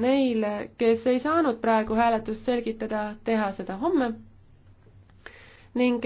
neil, kes ei saanud praegu hääletust selgitada, teha seda homme ning